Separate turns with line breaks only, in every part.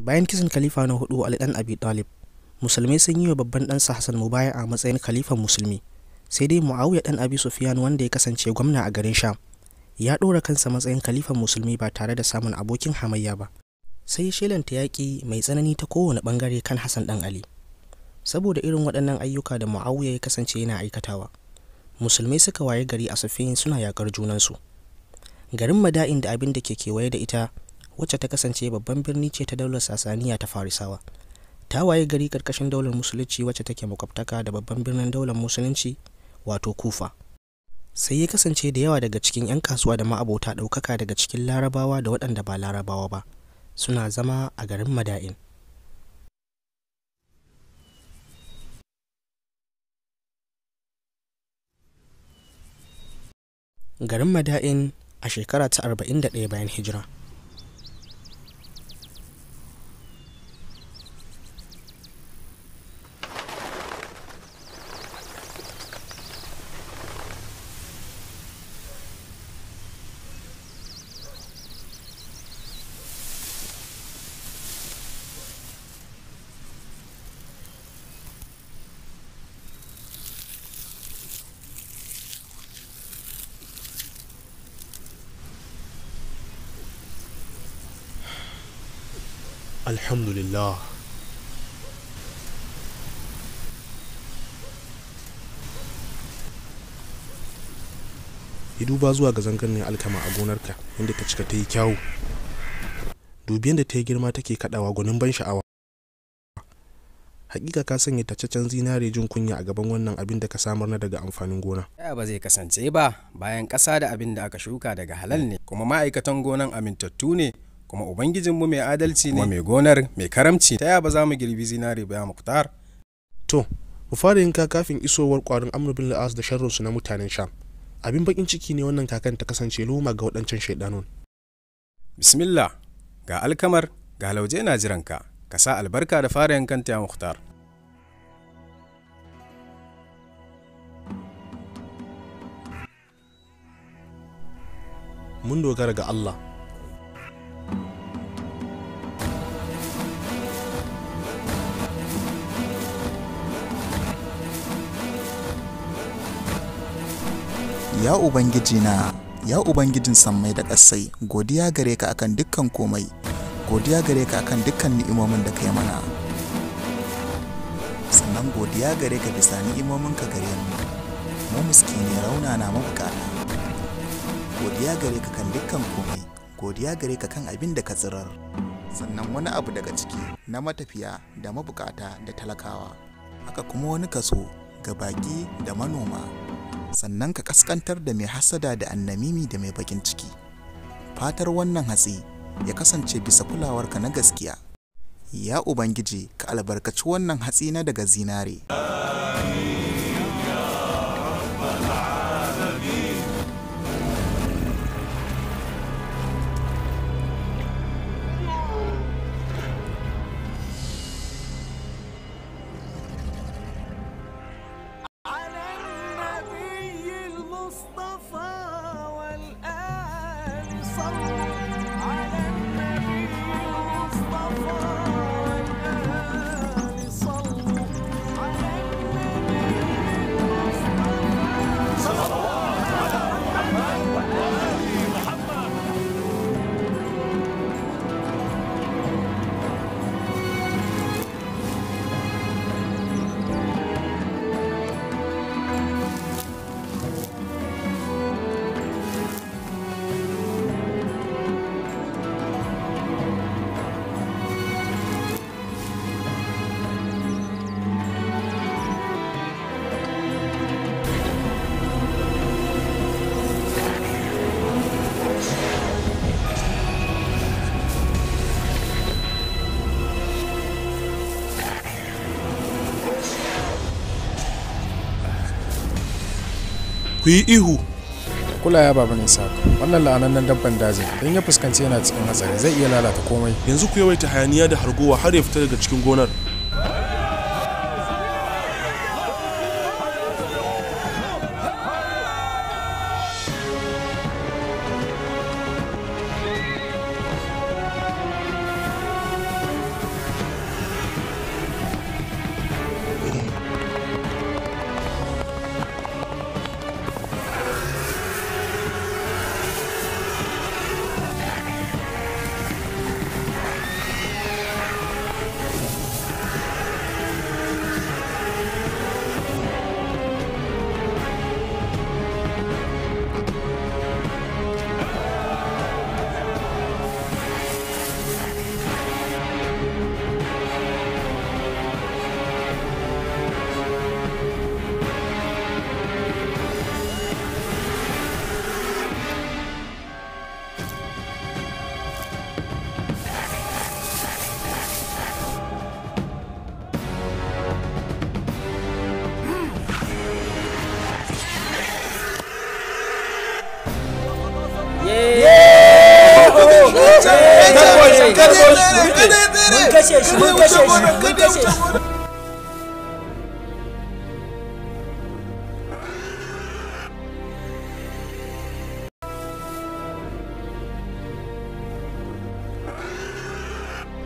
bayan kisan khalifa na hudu ali dan abi talib musulmai sun yi wa babban ɗansa hassan mubaya a matsayin khalifan musulmi sai dai muawiya dan abi sufyan wanda ya kasance gwamna a garin sham ya ɗora kansa matsayin khalifan musulmi ba tare da samun abokin hamayya ba sai ya shelanta yaki mai tsanani ta kowane bangare kan hassan dan ali saboda irin waɗannan ayyuka da muawiya ya kasance yana aikatawa musulmai suka waye gari a Sufiyin suna yaƙar junansu garin mada'in da abin da ke kewaye da ita wacce ta kasance babban birni ce ta daular sasaniya ta farisawa ta waye gari karkashin daular musulunci wacce take makwabtaka da babban birnin daular musulunci wato kufa sai ya kasance da yawa daga cikin 'yan kasuwa da ma'abota ɗaukaka daga cikin larabawa da waɗanda ba larabawa ba suna zama
a garin mada'in garin
mada'in a shekara ta 41 bayan hijira لله Yi duba zuwa ga ne alkama a gonarka inda ta cika ta yi kyawu. Dubiyan da ta yi girma take kaɗawa gwanin ban sha'awa. Hakika ka sanya ta tacaccen zinare jin kunya a gaban wannan abin da ka samar na daga amfanin gona.
Ya ba zai kasance ba bayan kasa da abin da aka shuka daga halal ne kuma ma'aikatan gonan amintattu ne kuma ubangijin mu mai adalci ne mai gonar mai karamci ta yaba za mu girbi zinare ba muktar to mu fara yin
kafin isowar kwarin amr bin la'as da su na mutanen sham abin bakin ciki ne wannan kakan ta kasance luma ga wadancan shaidanun
bismillah ga alkamar ga lauje na jiranka ka sa albarka da fara yankan ta muktar
mun dogara ga Allah
Ya Ubangiji na, ya Ubangijin sammai da ƙasai, godiya gare ka akan dukkan komai, godiya gare ka akan dukkan ni'imomin da ka yi mana. Sannan godiya gare ka bisa ni'imomin ka gare mu, mu muski ne rauna na mabukata. Godiya gare ka kan dukkan komai, godiya gare ka kan abin da ka tsirar. Sannan wani abu daga ciki na matafiya da mabukata da talakawa. Haka kuma wani kaso ga baƙi da manoma. sannan ka kaskantar da mai hasada da annamimi da mai bakin ciki fatar wannan hatsi ya kasance bisa kulawarka na gaskiya ya ubangiji ka albarkaci wannan hatsi na daga zinare ku ihu kula ya baba nisa
wannan la'anannen dabban daji idan ya fuskanci yana cikin hatsari
zai iya lalata komai yanzu ku yawaita hayaniya da hargowa har ya fita daga cikin gonar
rike
mun kashe shi mun kashe shi mun kashe shi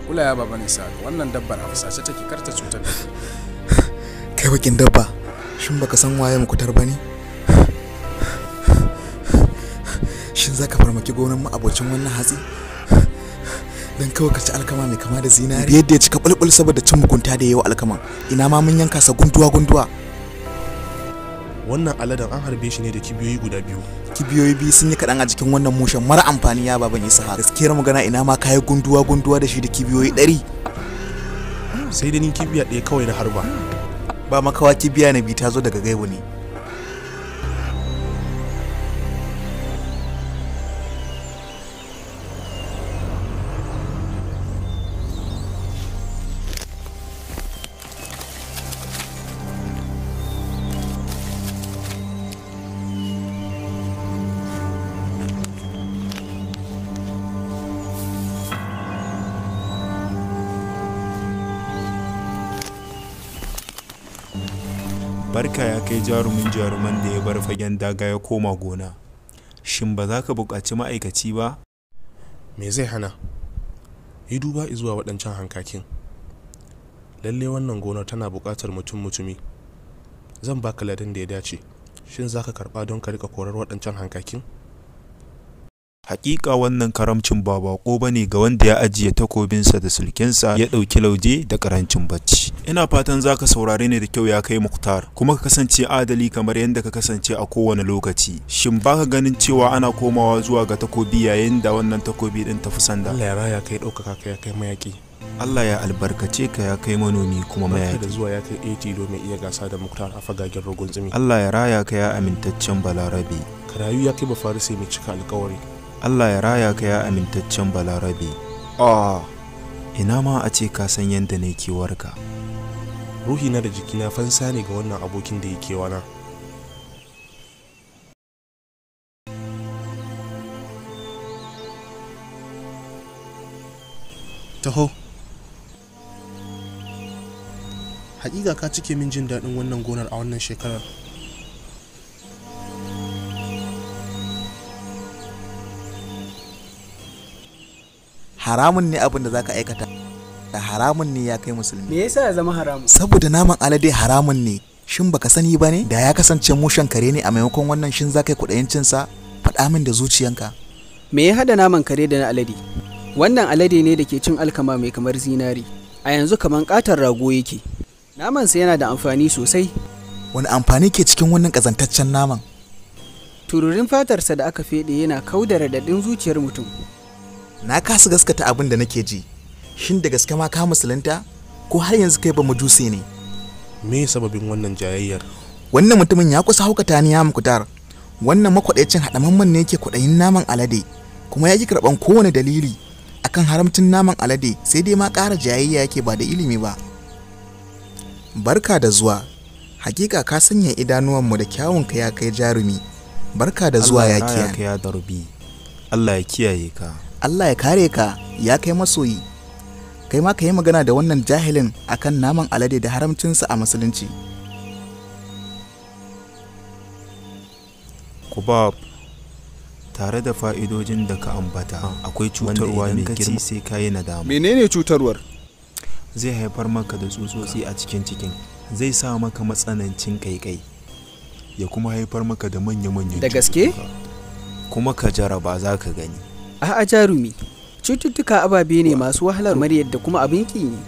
kula ya baba ne saka wannan dabbar a fusace take karta cutar da
kai bakin dabba shin baka san waye mukutar ba ne shin zaka farmaki gonan mu abocin wannan hatsi dan kawai ka ci alkama mai kama da zinari yadda ya cika bulbul saboda cin mugunta da yawa alkama ina ma mun yanka sa gunduwa gunduwa
wannan aladan an harbe shi ne da kibiyoyi guda biyu
kibiyoyi biyu sun yi kaɗan a jikin wannan mushen mara amfani ya baban isa har gaskiyar magana ina ma kayi gunduwa gunduwa da shi da kibiyoyi ɗari sai da ni kibiya ɗaya kawai na harba ba makawa kibiya na biyu ta zo daga gaibu ne
shakka ya kai jarumin jaruman da ya bar fagen daga ya koma gona shin ba za ka buƙaci ma'aikaci ba me zai hana yi duba zuwa waɗancan
hankakin lalle wannan gona tana buƙatar mutum mutumi zan baka ladan da ya dace shin za ka karɓa don ka riƙa korar waɗancan hankakin
Hakika wannan karamcin ba bako ne ga wanda ya ajiye takobinsa da sulkinsa ya ɗauki lauje da karancin bacci. Ina fatan za ka saurare ni da kyau ya kai Muktar, kuma ka kasance adali kamar yadda ka kasance a kowane lokaci. Shin ba ka ganin cewa ana komawa zuwa ga takobi yayin da wannan takobi ɗin tafi sanda? Allah ya raya kai ɗaukaka ka ya kai mayaƙi. Allah ya albarkace ka ya kai manomi kuma mayaƙi. da zuwa ya kai 80 domin iya gasa da Muktar a
fagagen rogon Allah ya
raya ka ya amintaccen balarabe.
Karayu ya kai bafarisi mai cika alkawari.
Allah ya raya ka ya amintaccen balarabe ah ina ma a ce ka san yadda ne kewarka
ruhina da jiki na fansa ne ga wannan abokin da yake wana taho hakika ka cike min jin daɗin wannan gonar a
wannan shekarar haramun ne abin da zaka aikata da haramun ne ya kai musulmi me yasa ya zama haramun saboda naman alade haramun ne shin baka sani ba ne da ya kasance mushen kare ne a maimakon wannan shin za ka yi kudayen sa faɗa min da zuciyanka me ya hada naman kare da na alade wannan alade ne da ke cin alkama mai kamar zinari a yanzu kamar katar rago yake namansa yana da amfani sosai wani amfani ke cikin wannan kazantaccen naman tururin fatarsa da aka feɗe yana kaudara da zuciyar mutum na kasa gaskata abin da nake ji shin da gaske ma ka musulunta ko har yanzu kai ba juse ne me sababin wannan jayayyar wannan mutumin ya kusa haukata ni ya mukutar wannan makwaɗacin haɗamamman ne yake kwaɗayin naman alade kuma ya ki karɓan kowane dalili akan haramcin naman alade sai dai ma ƙara jayayya yake ba da ilimi ba barka da zuwa hakika ka sanya idanuwanmu da kyawunka ya kai jarumi barka da zuwa ya
kiya Allah ya kiyaye ka
Allah ya kare ka ya kai masoyi kai ma ka yi magana da wannan jahilin akan naman alade da haramcinsa a musulunci
kubab tare da fa'idojin da ka ambata akwai cutarwa mai girma sai ka yi nadama menene cutarwar zai haifar maka da tsutsotsi a cikin cikin zai sa maka matsanancin kaikai ya kuma haifar maka da manya-manyan da gaske kuma ka
jaraba za ka gani A'a jarumi, cututtuka ababe ne masu wahalar maryar da kuma abin ne.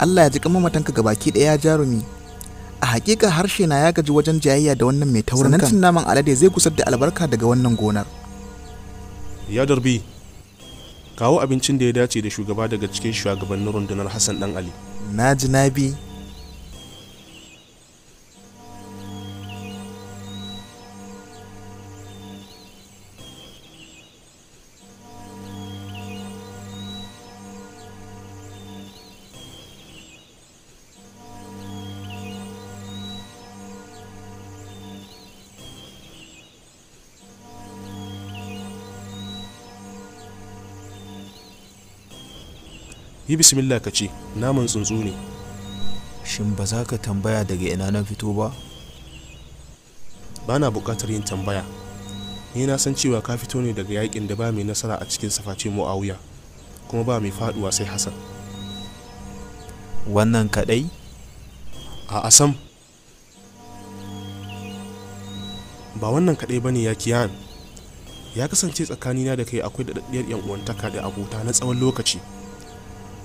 Allah ya ji kama matanka ga baki ɗaya jarumi. A hakika harshe na ya gaji wajen jayayya da wannan mai taurin kan. naman alade zai kusar da albarka daga wannan gonar.
Ya darbi, kawo abincin da ya dace da shugaba daga cikin shugabannin rundunar Hassan Dan
Ali. Na ji na bi.
yi bismillah ka ce naman tsuntsu ne shin ba za ka tambaya daga ina na fito ba
ba na buƙatar yin tambaya ni na san cewa ka fito ne daga yakin da ba mai nasara a cikin safaci wuya kuma ba mai faduwa sai hasan wannan kadai a asam ba wannan kadai bane ya kiyan ya kasance tsakanina da kai akwai daɗaɗɗiyar 'yan uwantaka da abota na tsawon lokaci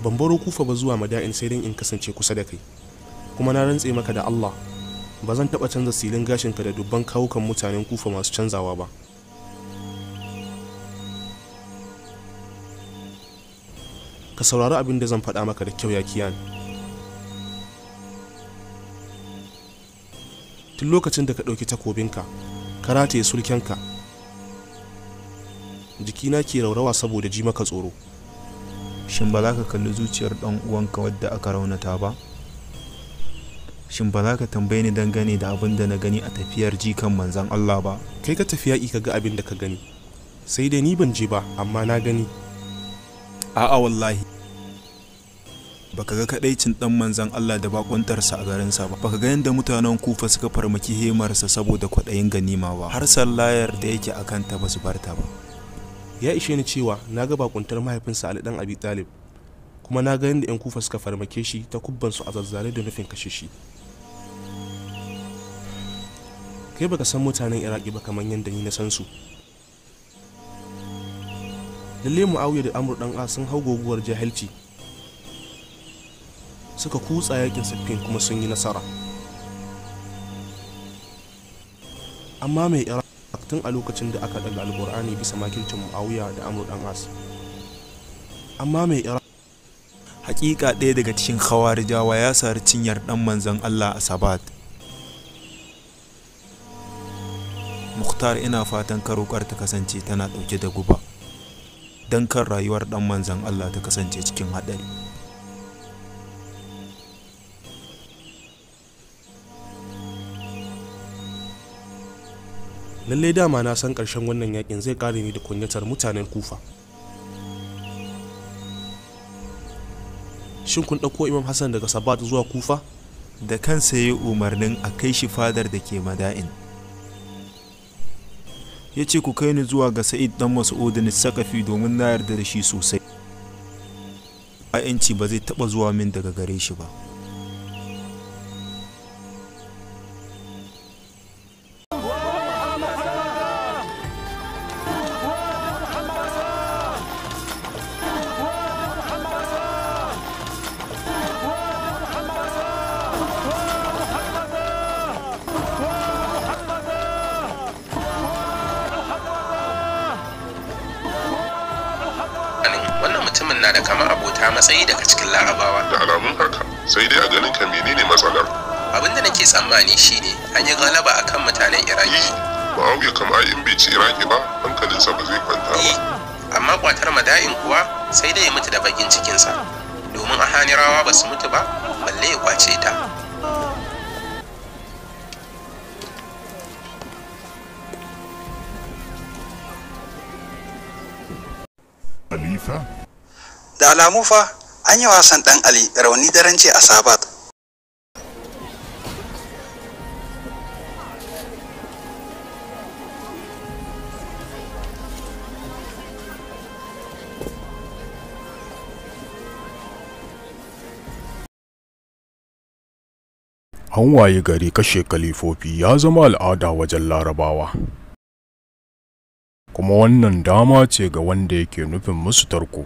ban baro kufa ba zuwa mada'in sai dan in kasance kusa da kai kuma na rantse maka da Allah ba zan taɓa canza silin gashinka da dubban kawukan mutanen kufa masu canzawa ba ka saurari abin da zan faɗa maka da kyau ya kiyan tun lokacin da ka ɗauki takobinka ka rataye sulkenka jikina
ke raurawa saboda ji maka tsoro shin ba za ka kalli zuciyar ɗan uwanka wadda aka raunata ba shin ba za ka tambaye ni dangane da abin da na gani a tafiyar jikan manzan Allah ba kai ka tafi yaƙi ka ga abin da ka gani sai dai ni ban je ba amma na gani a'a wallahi baka ga kadaicin dan manzan Allah da bakuntarsa a garinsa ba baka ga yadda mutanen kufa suka farmaki hemarsa saboda kwaɗayin ganima ba har sallayar da yake a ta ba su barta ba ya ishe ni cewa na ga bakuntar mahaifinsa ali dan abi talib kuma na ga yadda yan kufa suka
farmake shi ta kubban su a zazzare da nufin kashe shi kai baka san mutanen iraki ba kamar yadda ni na san su lalle muawiya da amur dan sun hau goguwar jahilci suka kutsa yakin siffin kuma sun yi nasara amma mai iraki tun a lokacin da aka daga alkur'ani bisa makincin muawiya
da amur dan as amma mai ira hakika ɗaya daga cikin khawarijawa ya sari cinyar ɗan manzon allah a sabat muktar ina fatan karokar ta kasance tana ɗauke da guba don kan rayuwar ɗan manzon allah ta kasance cikin haɗari
lallai dama na san ƙarshen wannan yakin zai ƙare ni da kunyatar mutanen
kufa shin kun ɗauko imam hassan daga sabat zuwa kufa da kansa ya yi umarnin a kai shi fadar da ke mada'in ya ce ku kai ni zuwa ga sa'id dan odin sakafi domin na yarda da shi sosai a ba zai taɓa zuwa min daga gare shi ba
makwatar mada'in kuwa sai dai ya mutu da bakin cikinsa domin a hanirawa ba
su mutu ba
balle ya kwace ta
da alamu fa an yi wasan dan ali rauni daren ce a sabat
an waye gari kashe kalifofi ya zama al'ada wajen larabawa kuma wannan dama ce ga wanda yake nufin musu tarko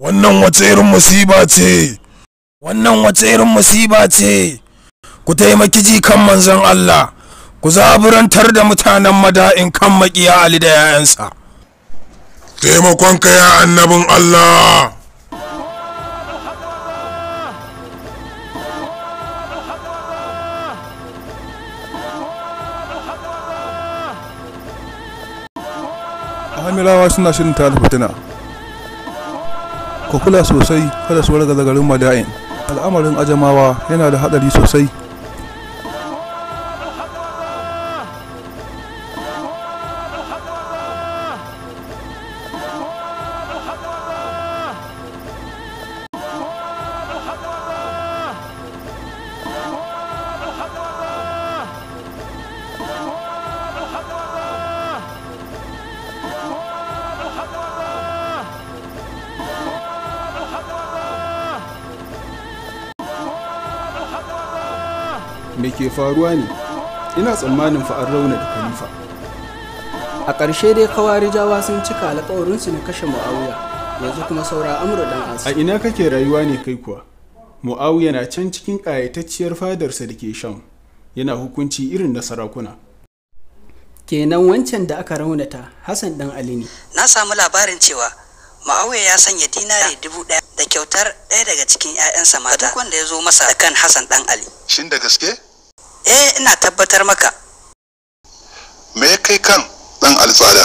wannan wace irin musiba ce wannan wace irin musiba ce ku taimaki
jikan manzon Allah ku zaburantar da mutanen mada'in kan makiya Ali da 'ya'yansa taimakonka ya annabin Allah jamilawa suna shirin ta fitina ku kula sosai kada su wargaza garin mada'in al'amarin ajamawa yana da haɗari sosai
da ke faruwa ne ina tsammanin fa'ar rauna da khalifa a ƙarshe
dai kawari jawa sun cika alƙawarinsu na kashe mu'awiya yanzu kuma saura amur dan asu a
ina kake rayuwa ne kai kuwa mu'awiya na can cikin ƙayatacciyar fadarsa da ke sham yana hukunci irin na sarakuna kenan wancan da aka raunata
hassan dan ali ne
na samu labarin cewa ma'auya ya sanya dinari dubu ɗaya da kyautar ɗaya daga cikin 'ya'yansa mata duk wanda ya zo masa kan hassan dan ali shin da gaske eh ina tabbatar maka me kai kan dan alzada?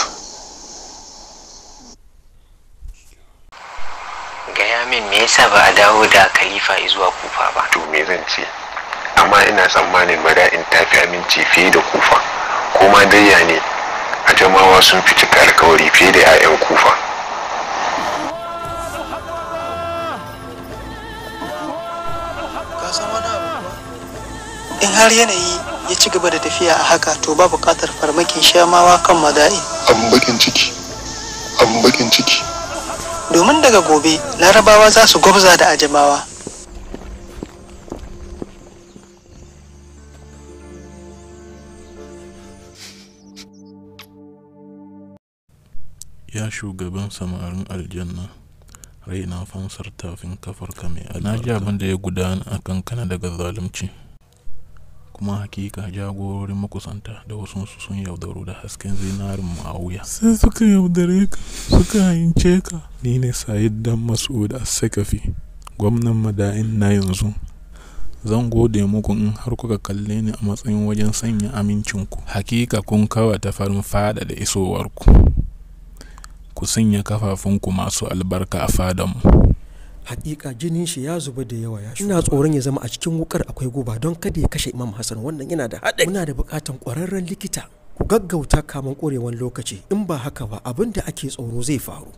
gaya min me yasa ba a dawo da khalifa zuwa kufa ba to me zan ce amma ina tsammanin in ta fi aminci fiye da kufa kuma dayya ne a jamawa sun fi cika alkawari fiye da 'ya'yan kufa
har yanayi ya ci gaba da tafiya a haka to ba buƙatar farmakin shamawa kan mada'i. abin
bakin ciki abin bakin ciki
domin daga gobe larabawa za su gwabza da ajamawa
ya shugaban samarin aljanna raina fansar tafin kafarka mai albarka na ji abin da ya gudana a kankana daga zalunci kuma hakika jagororin makusanta da wasu sun yaudaro da hasken zinarin ma'auya. Sai suka yaudare ka suka hayince ka. Ni ne Sayid Dan Mas'ud As-Sakafi, gwamnan mada'in na yanzu. Zan gode muku in har kuka kalle ni a matsayin wajen sanya amincinku. Hakika kun kawa ta farin fada da isowarku. Ku sanya kafafunku masu albarka a fadanmu.
hakika jinin shi ya zuba da yawa ya ina tsoron ya zama a cikin wukar akwai guba don kada ya kashe imam hassan wannan yana da haɗari muna da buƙatan ƙwararren likita ku gaggauta kamar ƙorewan lokaci in ba haka ba abin da ake tsoro zai faru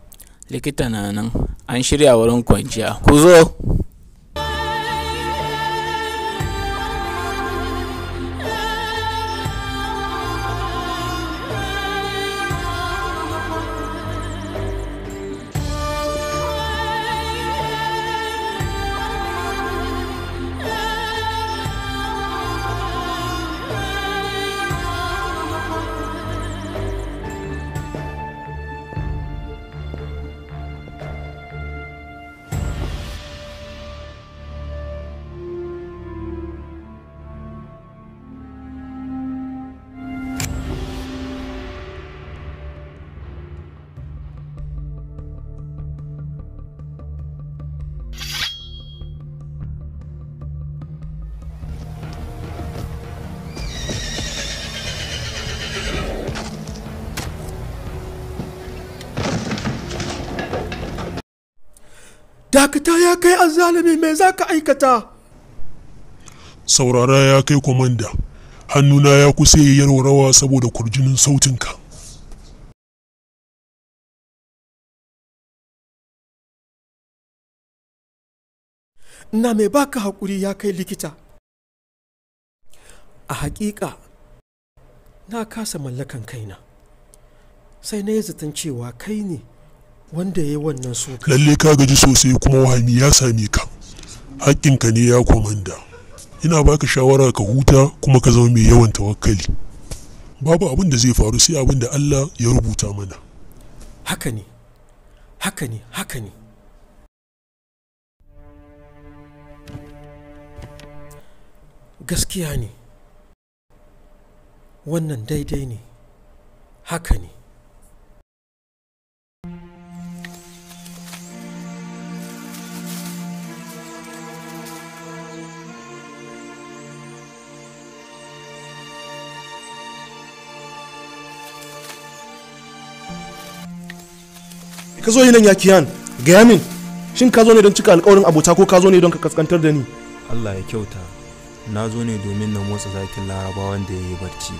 likita na nan
an shirya wurin kwanciya
ku zo
dakata ya kai azzalumi mai za ka aikata
saurara ya kai kwamanda
hannuna ya kusa yi yarwarawa saboda kurjinin sautinka na mai baka haƙuri ya kai likita
a haƙiƙa na kasa mallakan kaina sai na yi zaton cewa kai ne wanda ya yi wannan so lalle
ka gaji sosai kuma wahami ya same ka haƙƙinka ne ya komanda ina baka shawara ka huta kuma ka zama mai yawan tawakkali babu abin da zai faru sai abin da Allah ya rubuta
mana haka ne haka ne haka ne gaskiya ne wannan daidai ne haka ne
ka zo yi nan ya kiyan gaya min shin ka zo ne don cika alkawarin abota ko ka zo ne don ka kaskantar da ni
allah ya kyauta na zo ne domin na motsa zakin larabawan da ya yi barci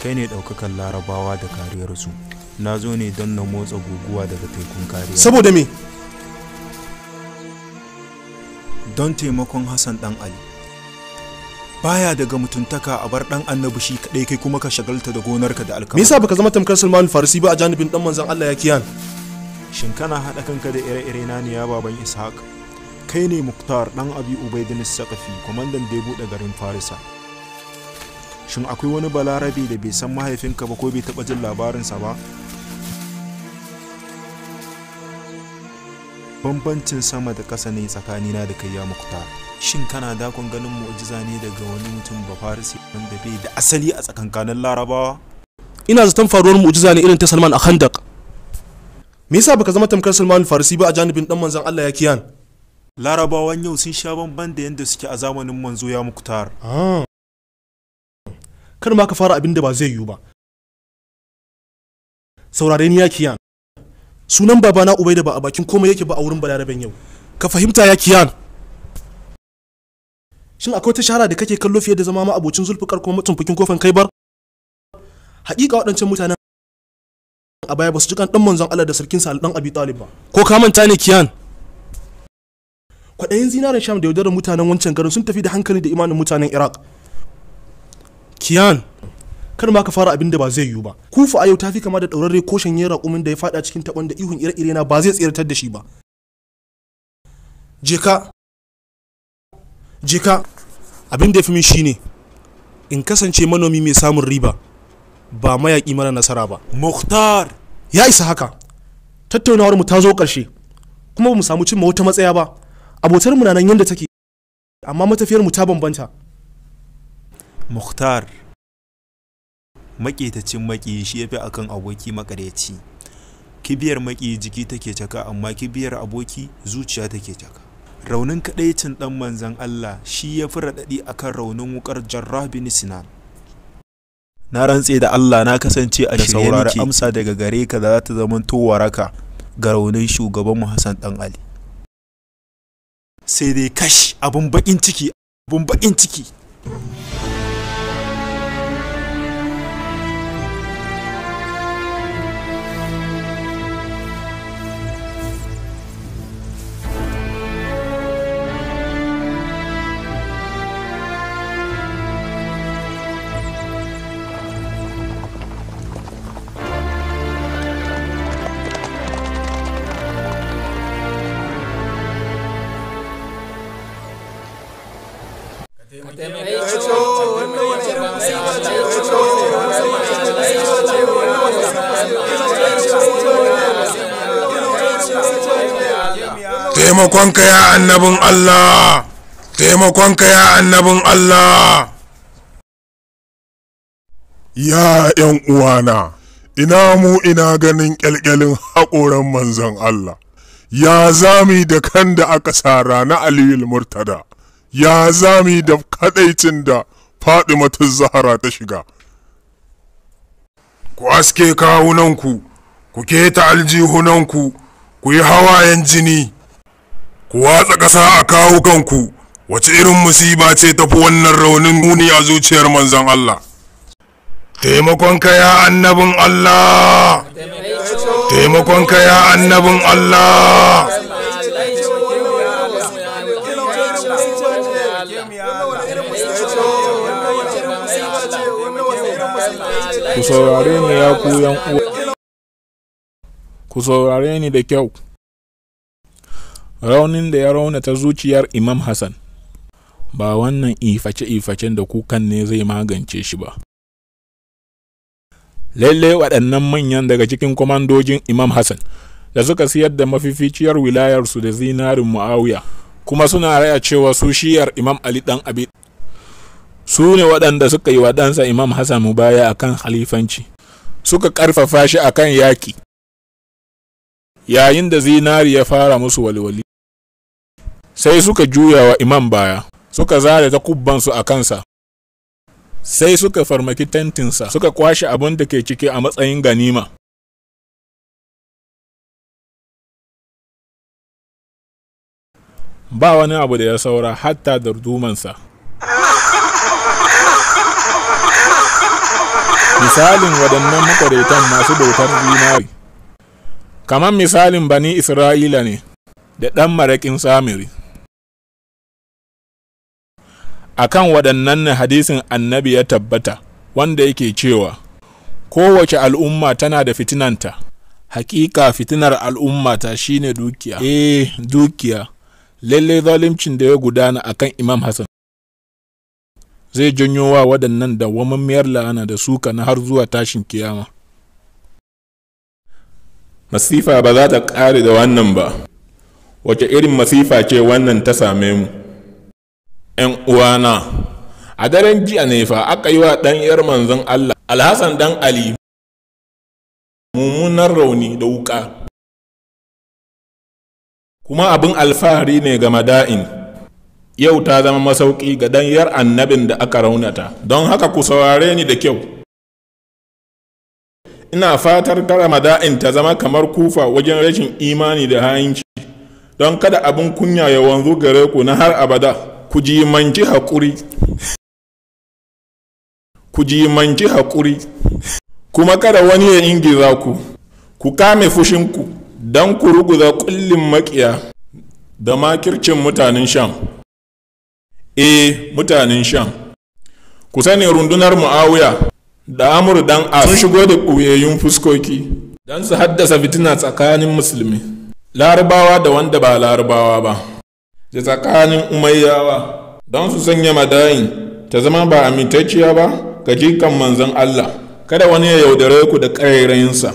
kai ne ɗaukakan larabawa da kariyarsu na zo ne don na motsa guguwa daga tekun kariya saboda me don taimakon hassan dan ali baya daga mutuntaka a bar dan annabi shi kadai kai kuma ka shagalta da gonarka da alkama me yasa baka zama tamkar Salman Farisi ba a janibin dan manzon Allah ya kiyan shin kana haɗa kanka da ire-ire na ne ya baban ishaq kai ne muktar ɗan abi ubaidin sakafi kwamandan da ya buɗe garin farisa shin akwai wani balarabe da bai san mahaifinka ba ko bai taɓa jin labarinsa ba bambancin sama da ƙasa ne tsakanina da kai ya muktar shin kana dakon ganin mu'jiza ne daga wani mutum ba farisi wanda bai da asali a tsakankanin larabawa
ina zaton faruwar mu'jiza ne irin ta salman a khandak me yasa baka zama tamkar Salman Farisi ba a janibin dan manzon Allah ya kiyan
Larabawan yau sun sha bamban da yanda suke a zamanin manzo ya muktar
ah.
kar ma ka fara abin da ba zai yiwu ba saurare ni ya kiyan sunan babana ubai da ba a bakin komai yake ba a wurin balaraben yau ka fahimta ya kiyan shin akwai ta shahara da kake kallo fiye da zama ma abocin zulfikar kuma mutum fukin kofan kaibar haƙiƙa waɗancan mutanen a baya ba su ji kan dan manzon Allah da sarkin sa dan Abi Talib ba ko ka manta ne kiyan kwaɗayin zinarin sham da yaudarar mutanen wancan garin sun tafi da hankali da imanin mutanen iraq kiyan kar ma ka fara abin da ba zai yiwu ba kufa a yau ta fi kama da daurare ko shanye raƙumin da ya fada cikin taɓon da ihun ire-ire na ba zai tsiratar da shi ba jeka jeka abin da ya fi min shine in kasance manomi mai samun riba ba mayaƙi mara nasara ba muhtar ya isa haka tattaunawar mu ta zo ƙarshe kuma ba mu samu cimma wata matsaya ba abotar mu na nan yadda take amma matafiyar mu ta bambanta
muktar maƙetacin maƙi shi ya fi akan aboki makareci kibiyar maƙi jiki take caka amma kibiyar aboki zuciya take caka raunin kadaicin ɗan manzan Allah shi ya fi raɗaɗi akan raunin wukar jarrah bin sinan na rantse da Allah na kasance a shirye nake amsa daga gare ka da za ta zama waraka ga raunin shugaban mu Hassan dan Ali sai dai kash abun bakin ciki abun bakin ciki
Allah taimakonka ya annabin Allah ya ‘yan uwana ina mu ina ganin ƙyalƙyalin haƙoran manzan Allah ya zami da kan da aka sara na Aliyu Murtada ya zami da kadaicin da faɗi Fatimatu Zahara ta shiga ku aske kawunanku ku keta aljihunanku ku yi hawayen jini ku watsa ƙasa a kawo kanku wace irin musiba ce tafi wannan raunin muni a zuciyar manzon Allah taimakon ka ya annabin Allah taimakon ka ya annabin Allah
ku saurare ni ya ku yan uwa ku saurare ni da kyau raunin da ya rauna ta zuciyar imam hassan ba wannan iface-ifacen da kukan ne zai magance shi ba lalle waɗannan manyan daga cikin kwamandojin imam hassan da suka siyar da mafificiyar wilayarsu da zinarin muawiya kuma suna raya cewa su shiyar imam ali dan abi su ne waɗanda suka yi waɗansa imam hassan mu mubaya akan halifanci suka ƙarfafa shi akan yaki yayin da zinari ya fara musu walwali sai suka juya wa imam baya suka zare ta kubbansu a kansa
sai suka farmaki tentinsa suka kwashe abin da ke ciki a matsayin ganima ba wani abu da ya saura hatta da dumansa.
misalin waɗannan makwadaitan masu bautar zinari kamar misalin bani isra'ila ne da ɗan marakin samiri akan waɗannan hadisin annabi ya tabbata wanda yake cewa kowace al'umma tana da fitinanta hakika fitinar al'ummata shine dukiya eh dukiya lallai zalimcin da ya gudana akan imam hassan zai janyo wa waɗannan dawwammamiyar la'ana da suka na har zuwa tashin kiyama masifa ba za ta ƙare da wannan ba wace irin masifa ce wannan ta same mu 'yan uwana a daren jiya
ne fa aka yi wa ɗan yar manzon Allah alhassan dan Ali mummunan rauni da wuka kuma abin alfahari
ne ga mada'in yau ta zama masauki ga ɗan yar annabin da aka raunata don haka ku saurare ni da kyau ina fatar kara mada'in ta zama kamar kufa wajen rashin imani da hanci don kada abin kunya ya wanzu gare ku na har abada ku jimanci haƙuri ku haƙuri kuma kada wani ya ingiza ku ku kame fushinku don ku ruguza kullin maƙiya da makircin mutanen sham e mutanen sham ku sani rundunar mu'awiya da amur dan a sun shigo da ɓuyayyun fuskoki don su haddasa fitina tsakanin musulmi larabawa da wanda ba larabawa ba da tsakanin umayyawa don su sanya madayin ta zama ba
amintacciya ba ga jikan manzon Allah kada wani ya yaudare ku da ƙarairayinsa.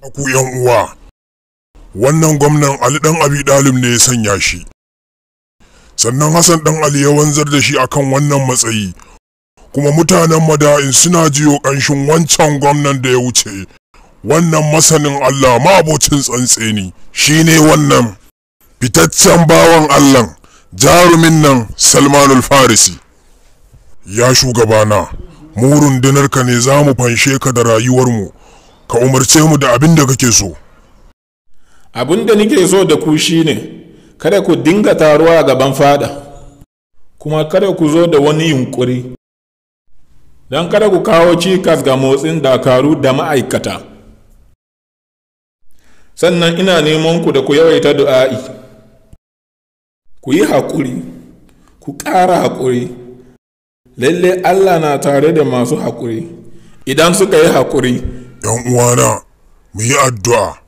ku yan uwa wannan gwamnan Ali dan Abi ɗalib ne ya sanya shi sannan Hassan ɗan Ali ya wanzar da shi akan wannan matsayi kuma mutanen madain suna jiyo ƙanshin wancan gwamnan da ya wuce wannan masanin Allah abocin tsantseni shine wannan fitaccen bawan allah jarumin nan salmanul farisi ya shugabana mu rundunarka ne za mu fanshe ka da rayuwarmu ka umarce mu da abin da kake so abin da nike so da ku shine kada ku
dinga taruwa gaban fada kuma kada ku zo da wani yunkuri don kada ku kawo cikas ga motsin dakaru da ma'aikata sannan ina neman ku da ku yawaita du'a'i ku yi haƙuri ku ƙara haƙuri lalle allah
na tare da masu haƙuri idan suka yi haƙuri yan uwana mu yi addu'a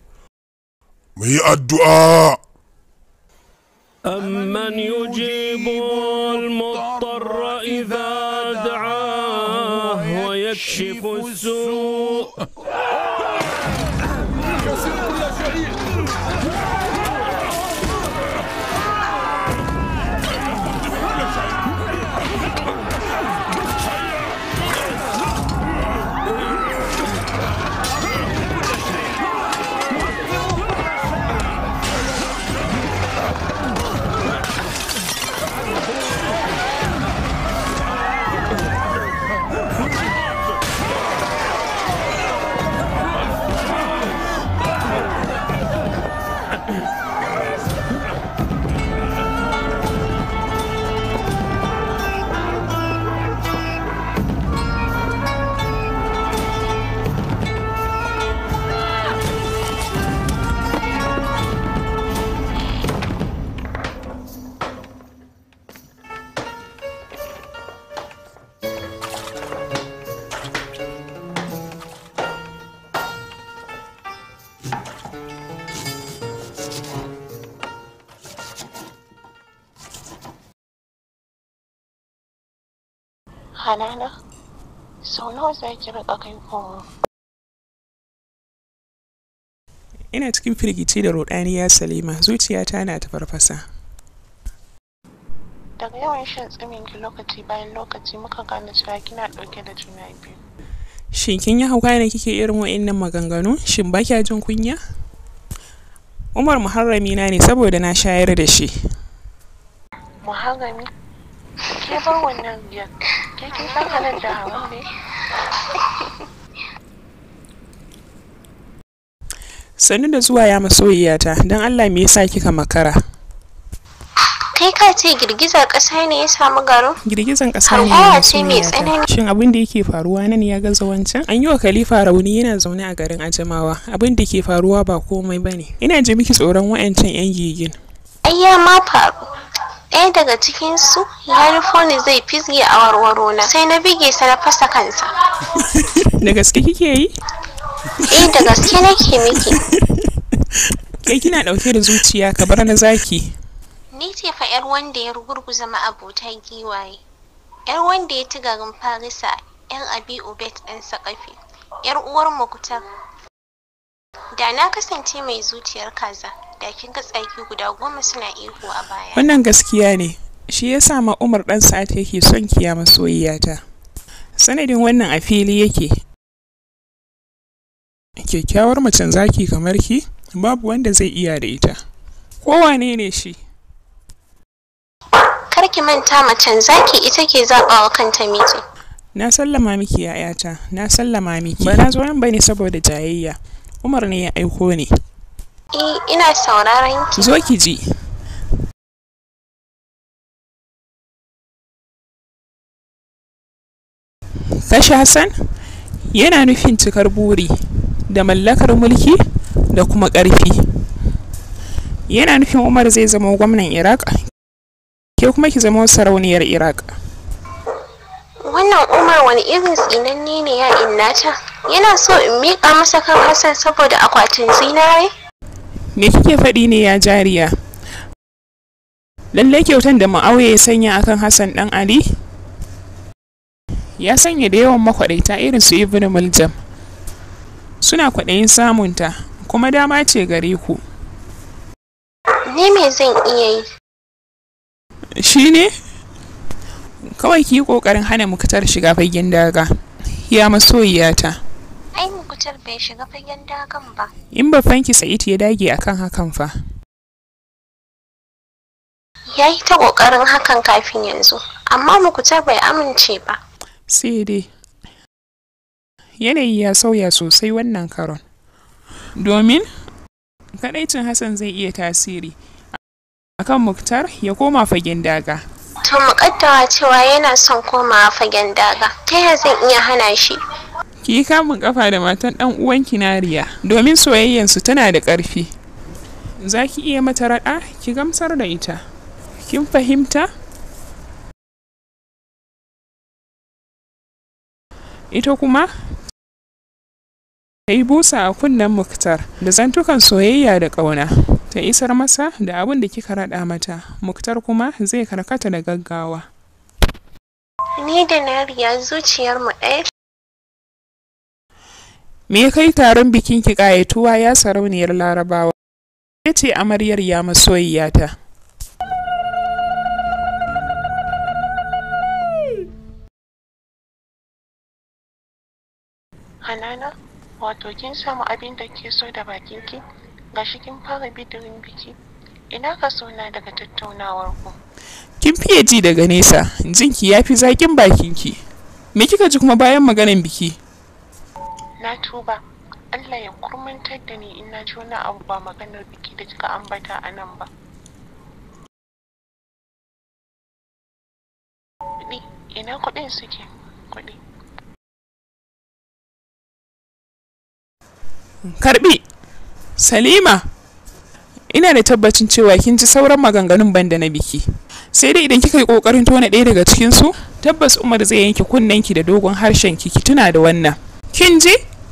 mu yi addu'a
أمن يجيب المضطر إذا دعاه ويكشف السوء
Banana, So nawa za ki riƙa kai komo?
Ina cikin firgici da ruɗaniya Salima, zuciyata na ta farfasa.
Daga yawan shan tsiminki lokaci bayan lokaci muka gane cewa
kina ɗauke da juna biyu. Shin kin yi hauka ne kike irin wa'innan maganganu? Shin ba kya jin kunya? Umar muharrami na ne saboda na shayar da shi.
Muharrami? ke ba wannan biyan. ke ke san da hawa ne
sannu da zuwa ya masoyiyata don allah me yasa kika makara
kai ka ce girgizar ƙasa ne ya samu garin girgizan ƙasa ne ya ce mai tsanani
shin abin da yake faruwa nan ya ga wancan an yi wa khalifa rauni yana zaune a garin ajamawa abin da ke faruwa ba komai ba ne ina ji miki tsoron wa'ancan yan gigin ai ya ma faru
ɗaya daga cikinsu ya rufo ni zai fizge a warwaro na sai na bige
sa na fasa kansa da gaske kike yi eh da gaske nake miki kai kina ɗauke da zuciya ka bar na zaki
ni ce fa yar wanda ya gurguza ma'abotan giwaye yar wanda ya ci garin farisa yan abi ubet ɗan sakafi yar uwar mukutar da na kasance mai zuciyar kaza Dakin kin ga tsaki guda goma suna ihu a baya
wannan gaskiya ne shi ya sa ma umar dan sata yake son kiya masoyiyata sanadin wannan a fili yake kyakkyawar macen zaki kamar ki babu wanda zai iya da ita kowane ne shi
kar ki manta macen zaki ita ke zaɓawa kanta miji
na sallama miki yayata na sallama miki ba na zo nan bane saboda jayayya umar
ne ya aiko ni E, ina sauraron ki. Zo ki ji. Kashi Hassan yana nufin cikar buri da mallakar mulki
da kuma ƙarfi. Yana nufin Umar zai zama gwamnan Iraq, ke kuma ki zama sarauniyar Iraq.
Wannan Umar wani irin tsinanni ne ya innata? Yana so in miƙa masa kan Hassan saboda
akwatin zinare? me kike faɗi ne ya jariya lallai kyautan da ma'auya ya sanya akan hassan ɗan ali ya sanya da yawan makwaɗaita irin su ibn muljam suna kwaɗayin samunta kuma dama ce gare ku
ni me zan iya yi
shi ne kawai ki yi ƙoƙarin hana muktar shiga fagen daga ya masoyiyata
kucar bai shiga fagen dagan ba.
In ba fanki Sa'id ya dage akan hakan fa.
Ya yi ta ƙoƙarin hakan kafin yanzu, amma mukutar bai amince ba.
Sai dai, yanayi ya sauya sosai wannan karon. Domin, kaɗaicin Hassan zai iya tasiri akan Muktar ya koma fagen daga.
To muƙaddawa cewa yana son koma fagen daga,
ta yaya zan iya hana shi? ki yi kamun kafa da matan dan uwanki nariya domin soyayyansu tana da ƙarfi za ki iya mata raɗa ki gamsar da ita
kin fahimta ita kuma ta yi busa a kunnen
muktar da zantukan soyayya da ƙauna ta isar masa da abin da kika raɗa mata muktar kuma zai karkata da gaggawa
ni da nariya mu ɗaya
Me ya kai taron bikin ki ƙayatuwa ya sarauniyar larabawa? Ya ce amaryar ya masoyiyata.
Hanana, wato kin samu abin da ke so
da bakinki? Gashi kin fara bidirin biki. Ina ka sona daga tattaunawar ku?
Kin fiye ji daga nesa, jinki ya fi zaƙin bakinki. Me kika ji kuma bayan maganan biki?
na tuba allah ya kurmantar
da ni in na ji wani abu ba maganar biki da kika ambata a nan ba kuɗi ina kuɗin suke kuɗi karbi
salima ina da tabbacin cewa kin ji sauran maganganun banda na biki sai dai idan kika yi kokarin tona ɗaya daga cikin su tabbas umar zai yanke kunnen ki da dogon harshen ki ki tuna da wannan kin ji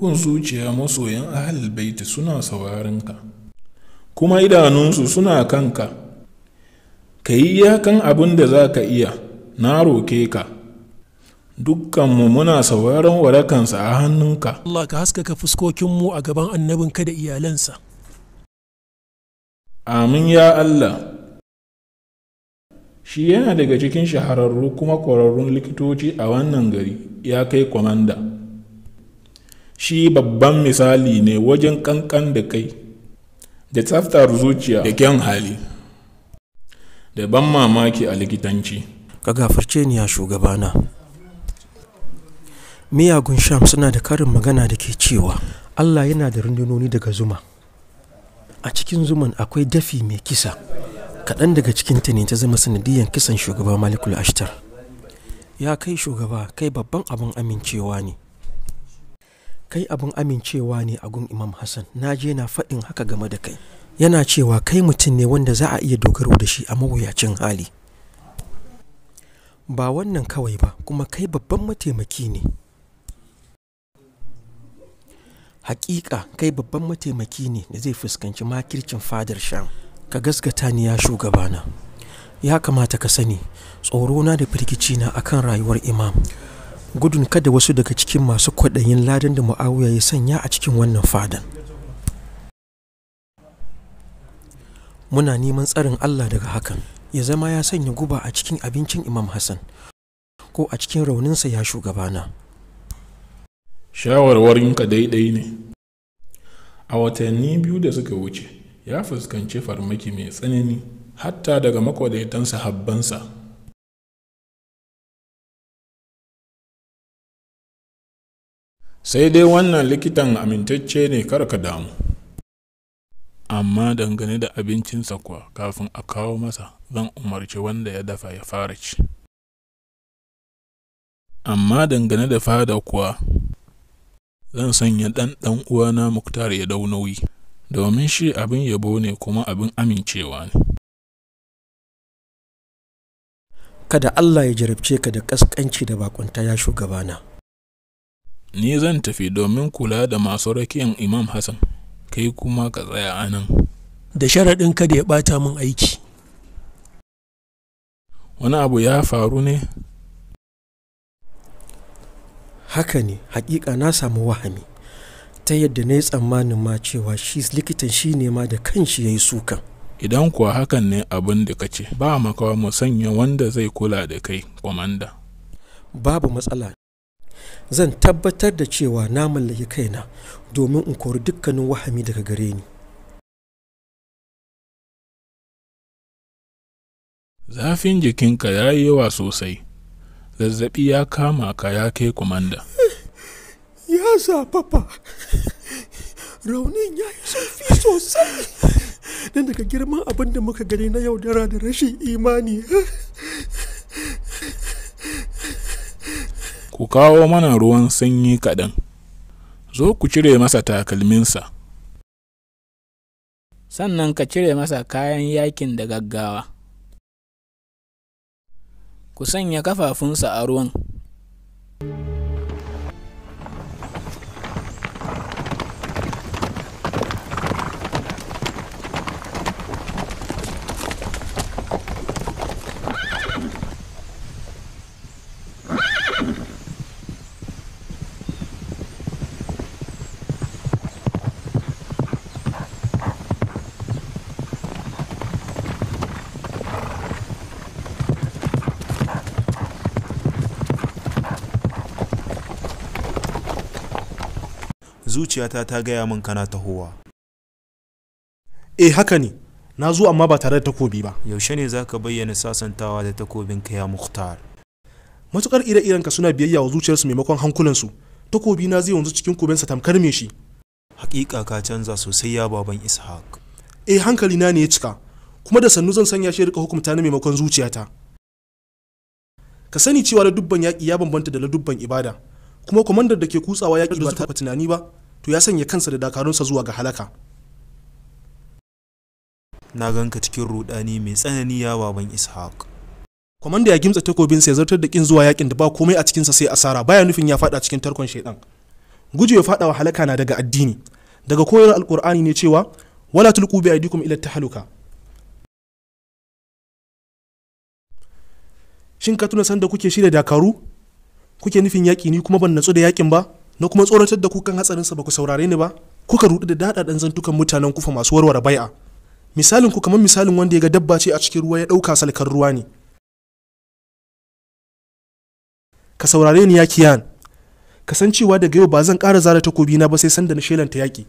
bugun zuciya masoyan ahal baiti suna ka. kuma idanunsu suna kanka ka yi iyakan abin da za ka iya na roke ka dukkanmu muna sauraron warakansa a hannunka Allah
ka haskaka fuskokinmu a gaban annabinka da iyalansa
amin ya Allah shi yana daga cikin shahararru kuma kwararrun likitoci a wannan gari ya kai kwamanda shi babban misali ne wajen kankan da kai da tsaftar zuciya da kyan hali da ban mamaki a likitanci ka gafarce ni
ya shugabana miyagun sham suna da karin magana da ke cewa allah yana da rundunoni daga zuma a cikin zuman akwai dafi mai kisa kaɗan daga cikin ta ne ta zama sanadiyar kisan shugaba malikul ashtar ya kai shugaba kai babban abin amincewa ne kai abin amincewa ne a gun imam hassan na je na faɗin haka game da kai yana cewa kai mutum ne wanda za a iya dogaro da shi a mawuyacin hali ba wannan kawai ba kuma kai babban mataimaki ne hakika kai babban mataimaki ne da zai fuskanci makircin fadar sham ka gaskata ni ya shugabana ya kamata ka sani tsorona da firgicina akan rayuwar imam gudun kada wasu daga cikin masu kwaɗayin ladan da mu'awiya ya sanya a cikin wannan fadan muna neman tsarin allah daga hakan ya zama ya sanya guba a cikin abincin imam hassan ko a cikin rauninsa ya shugabana
shawarwarinka daidai ne a watanni biyu da suka wuce ya fuskanci farmaki
mai tsanani hatta daga makwadaitan sahabbansa sai dai wannan likitan amintacce ne kar ka damu amma dangane da
abincinsa kuwa kafin a kawo masa zan umarci wanda ya dafa ya fara ci amma dangane da fada kuwa zan sanya ɗan ɗan uwana muktar ya dau nauyi domin shi abin yabo ne kuma abin
amincewa ne kada allah ya jarabce ka da ƙasƙanci da bakunta ya shugabana Ni zan tafi domin
kula da masu rakiyan Imam Hassan, kai kuma ka tsaya a nan.
Da sharaɗin kada ya ɓata min aiki. Wani abu ya faru ne? Haka ne, hakika na samu wahami. Ta yadda na yi tsammanin ma cewa shi likitan shi ne ma da kanshi ya yi suka
Idan kuwa hakan ne abin da ka ce, ba makawa mu sanya wanda zai kula da kai, kwamanda.
Babu matsala. zan tabbatar da cewa na mallaki kaina
domin in kori dukkanin wahami daga gare ni zafin jikinka ya yi yawa sosai
zazzaɓi ya kama ka ya kai kumanda eh,
ya papa
raunin ya yi sufi sosai don daga girman
abin da muka gani na yaudara da rashin imani
ku kawo mana ruwan sanyi kaɗan, zo
ku cire masa takalminsa.
Sannan ka cire masa kayan yakin da gaggawa. Ku sanya kafafunsa a ruwan.
zuciyata ta gaya min kana tahowa eh haka
ne na zo amma ba tare da takobi ba
yaushe ne za ka bayyana sasantawa da ka ya muktar
matukar ire ka suna biyayya wa zuciyarsu maimakon hankulansu takobi na zai wanzu cikin kubensa tamkar
me shi hakika ka canza sosai ya baban ishaq
eh hankali na ne ya cika kuma da sannu zan sanya shi rika hukumta na maimakon zuciyata ka sani cewa ladubban yaƙi ya bambanta da ladubban ibada kuma kwamandar da ke kutsawa yaƙi ba ta tunani ba to ya sanya kansa da dakarunsa zuwa ga halaka
na ganka cikin rudani mai tsanani ya baban ishaq
kwamanda ya gimtsa takobinsa ya zartar da kin zuwa yakin da ba komai a cikinsa sai asara baya nufin ya fada cikin tarkon shaidan gujewa fadawa halaka na daga addini daga koyar alkur'ani ne cewa wala tulqu bi aydikum ila tahluka shin ka tuna sanda kuke shirya dakaru kuke nufin yaki ni kuma ban natsu da yakin ba na kuma tsoratar da ku kan hatsarinsa ba ku saurare ni ba kuka rudu da daɗaɗen zantukan mutanen kufa masu warware bai'a misalin ku kamar misalin wanda ya ga dabba ce a cikin ruwa ya ɗauka salkar ruwa ne ka saurare ni ya kiyan cewa daga yau ba zan ƙara zara takobi na ba sai sanda na shelanta yaki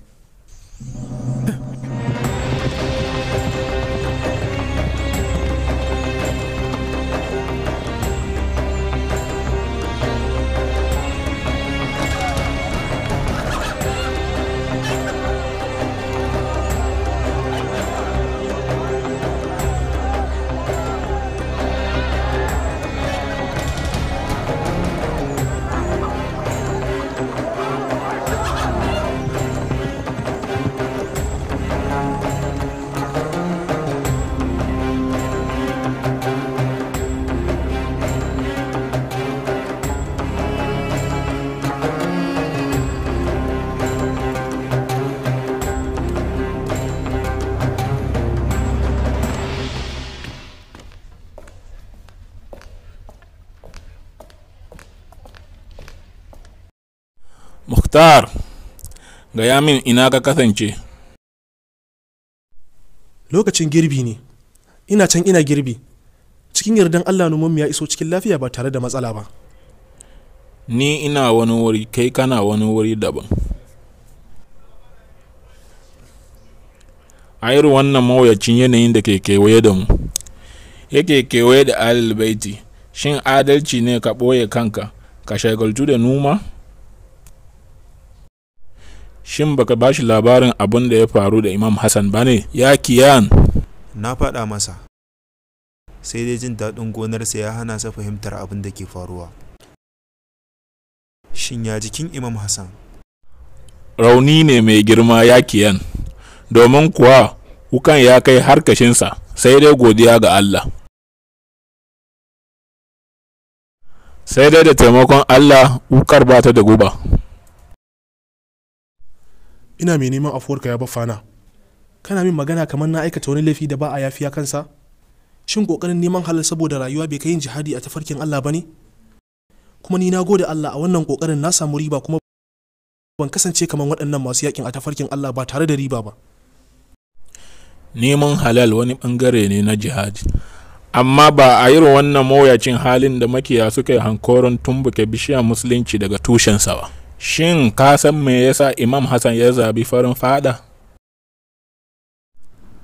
Muhtar, gaya min ina ka kasance.
Lokacin girbi ne, ina can ina girbi, cikin yardan Allah noman ya iso cikin lafiya ba tare da matsala ba.
Ni ina wani wuri, kai kana wani wuri daban. A wannan mawuyacin yanayin da ke kewaye da mu, yake kewaye da adalbaiti, shin adalci ne ka ɓoye kanka, ka shagaltu da numa? shin baka shi labarin abin da ya faru da imam hassan ba ne ya kiyan
na faɗa masa sai dai jin daɗin gonarsa ya hana sa fahimtar abin da ke faruwa shin ya jikin imam hassan
rauni ne mai girma ya kiyan domin kuwa wukan ya kai harkashinsa
sai dai godiya ga allah sai dai da taimakon allah wukar ba ta da guba
ina mai neman afuwarka ya fana kana min magana kamar na aikata wani laifi da ba a yafiya kansa shin kokarin neman halal saboda rayuwa bai kai yin jihadi a tafarkin Allah bane kuma ni na gode Allah a wannan kokarin na samu riba kuma ban kasance kamar waɗannan masu yakin a tafarkin Allah ba tare da riba ba
neman halal wani bangare ne na jihadi amma ba a yi wannan mawuyacin halin da makiya suka yi hankoron tumbuke bishiyar musulunci daga tushensa ba Shin ka san me yasa Imam Hassan ya zabi farin fada?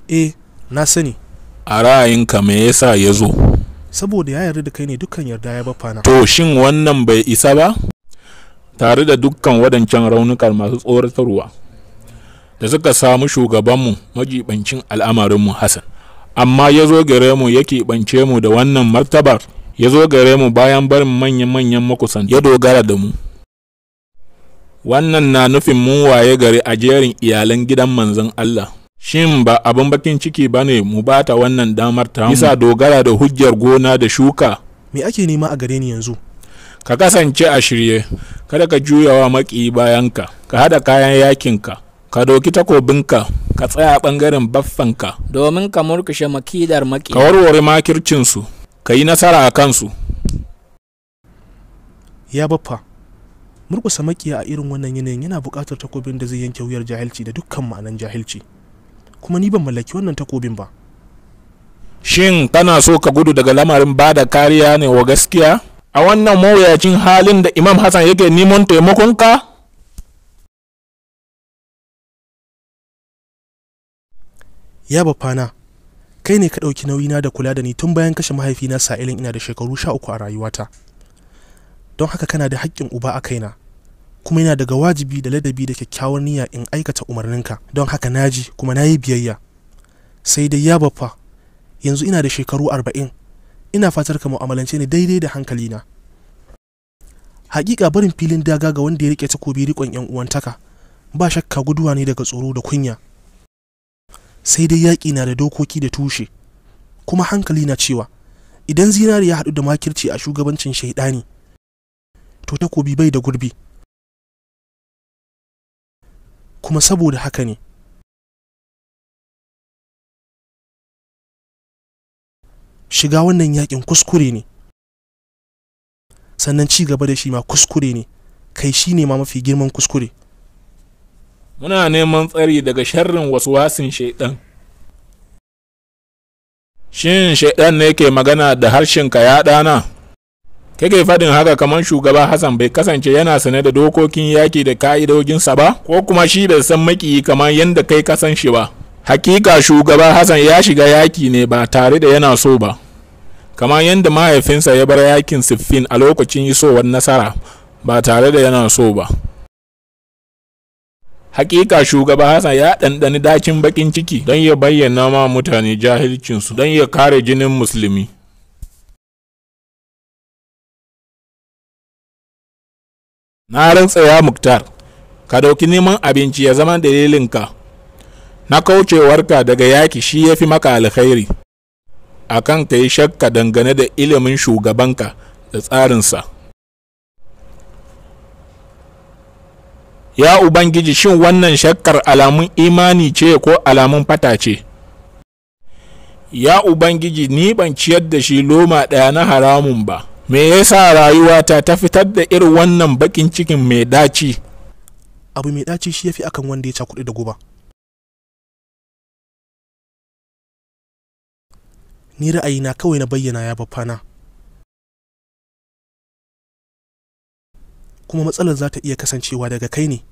E, na sani. A ra'ayinka me yasa ya zo?
Saboda ya yarda da kai ne dukkan yarda ya bafana. To
shin wannan bai isa ba? Tare da dukkan wadancan raunukan masu tsoratarwa da suka samu shugabanmu majibancin al'amarinmu Hassan. Amma ya zo gare mu yake bance mu da wannan martabar, ya zo gare mu bayan barin manyan-manyan makusan ya dogara da mu. wannan na nufin mun waye gari a jerin iyalan gidan manzon Allah shin ba abin bakin ciki ba ne mu ta wannan damar ta bisa dogara da hujjar gona da shuka
me ake nema a gare ni
yanzu ka kasance a shirye kada ka juyawa maki bayan ka Ka hada kayan yakinka ka doki takobinka ka tsaya bangaren ka. domin ka
murkushe makidar maki ka warware
makircinsu ka yi nasara a kansu
ya baffa murkusa makiya a irin wannan yanayin yana buƙatar takobin da zai yanke wuyar jahilci da dukkan ma'anan jahilci kuma ni ban mallaki wannan takobin ba
shin kana so ka gudu daga lamarin ba da kariya ne wa gaskiya a
wannan mawuyacin halin da imam hassan yake neman taimakonka
ya bafana kai ne ka ɗauki nauyi na da kula da ni tun bayan kashe mahaifina sa'ilin ina da shekaru sha uku a rayuwata don haka kana da haƙƙin uba a kaina kuma yana daga wajibi da ladabi da kyakkyawar niyya in aikata umarninka don haka naji kuma na yi biyayya sai dai ya baffa yanzu ina da shekaru arba'in ina fatar ka mu'amalance ni daidai da hankalina hakika barin filin daga ga wanda ya rike takobi rikon yan uwantaka ba shakka guduwa ne daga tsoro da kunya sai dai yaƙi na da dokoki da tushe kuma hankali na cewa idan zinari ya haɗu da makirci a shugabancin
shaidani to takobi bai da gurbi kuma saboda haka ne shiga wannan yakin kuskure ne
sannan ci gaba da shi ma kuskure ne kai shi ne ma mafi girman kuskure
muna neman tsari daga sharrin wasu wasin shaidan shin shaidan ne ke magana da harshen ka ya na? kake faɗin haka kamar shugaba hassan bai kasance yana sane da dokokin yaki da ka'idojinsa ba ko kuma shi bai san makiyi kamar yadda kai kasan shi ba hakika shugaba hassan ya shiga yaki ne ba tare da yana so ba kamar yadda mahaifinsa ya bar yakin siffin a lokacin isowar nasara ba tare da yana so ba hakika shugaba hassan ya ɗanɗani dacin bakin ciki don ya bayyana ma mutane
jahilcinsu don ya kare jinin musulmi na rantsa ya muktar ka ɗauki neman
abinci ya zama dalilinka na kaucewarka daga yaki shi ya fi maka alkhairi a kan ka yi shakka dangane da ilimin shugabanka da tsarinsa ya ubangiji shin wannan shakkar alamun imani ce ko alamun fata ce ya ubangiji ni ban ciyar da shi loma ɗaya na haramun ba me yasa
rayuwata ta fitar da irin wannan bakin cikin mai daci abu mai daci shi yafi akan wanda ya kuɗi da guba ni ra'ayina kawai na bayyana ya baffana kuma matsalar za ta iya kasancewa daga kai ne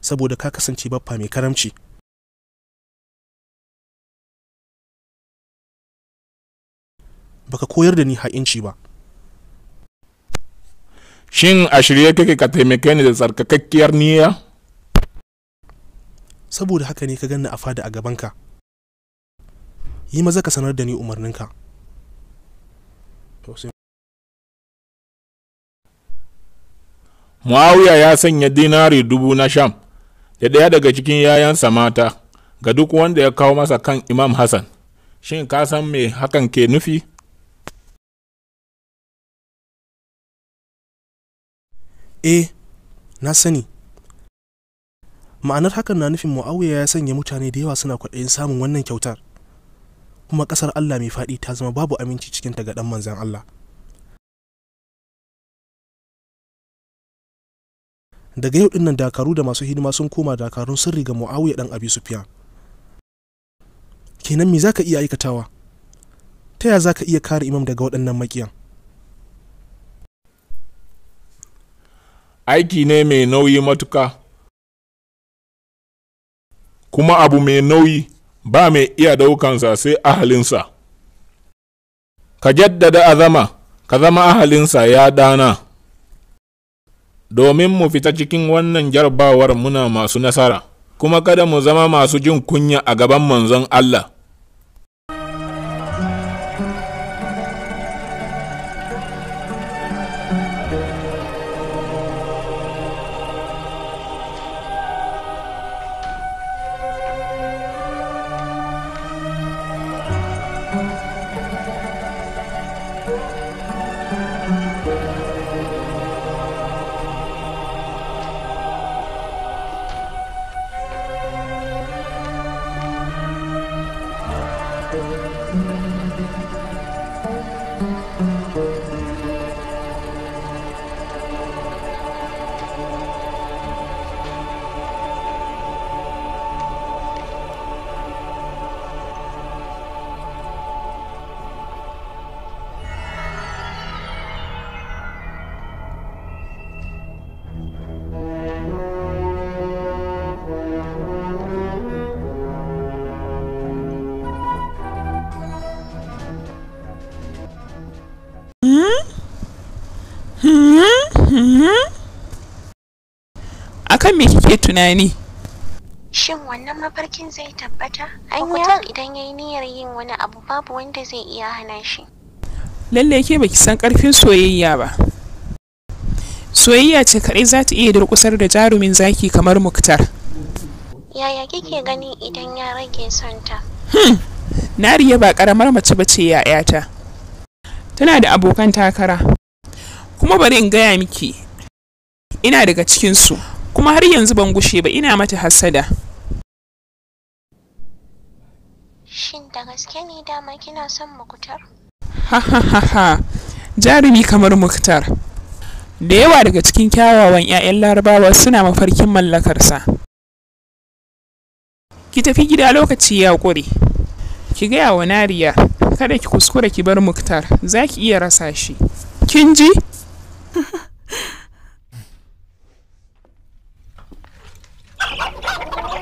saboda ka kasance baffa mai karamci baka koyar da ni ha'inci ba shin a shirye kake ka taimake ni da tsarkakakkiyar
niyya saboda haka ne ka ganni a fada a gabanka yi maza ka sanar da ni umarninka
Muawiya ya sanya dinari dubu na sham da ɗaya daga cikin yayansa mata ga duk wanda ya kawo masa kan
Imam Hassan. Shin ka san me hakan ke nufi? eh na sani
ma'anar hakan na nufin mu'awiya ya sanya mutane da yawa suna kwaɗayin samun wannan kyautar
kuma ƙasar allah mai faɗi ta zama babu aminci cikin ta ga ɗan manzan allah daga yau ɗinnan dakaru da masu hidima sun koma dakarun sirri ga mu'awiya ɗan abi sufiyan
kenan me za ka iya aikatawa ta ya ka iya kare imam daga waɗannan makiyan?
aiki ne mai nauyi matuka kuma abu mai nauyi ba mai iya daukansa sai ahalinsa ka jaddada azama ka zama ahalinsa ya dana domin mu fita cikin wannan jarabawar muna masu nasara kuma kada mu zama masu jin kunya a gaban manzon Allah
Akan me kike tunani?
Shin wannan mafarkin zai tabbata? Anya idan yayi niyyar yin wani abu babu wanda zai iya hana shi.
Lalle ke baki san ƙarfin soyayya ba. Soyayya ce kaɗai za ta iya durkusar da jarumin zaki kamar Muktar.
Yaya kike gani idan ya rage ta? Hmm,
Nariya ba karamar mace bace 'ya'yata. tana da abokan takara kuma bari in gaya miki ina daga cikinsu kuma har yanzu ban gushe ba ina mata hasada
shin da gaske ne dama kina son mukutar
ha jarumi kamar muktar da yawa daga cikin kyawawan 'ya'yan larabawa suna mafarkin mallakarsa ki tafi gida lokaci ya ƙure ki gaya wa nariya kada ki kuskura ki bar muktar za ki iya rasa shi
kin ji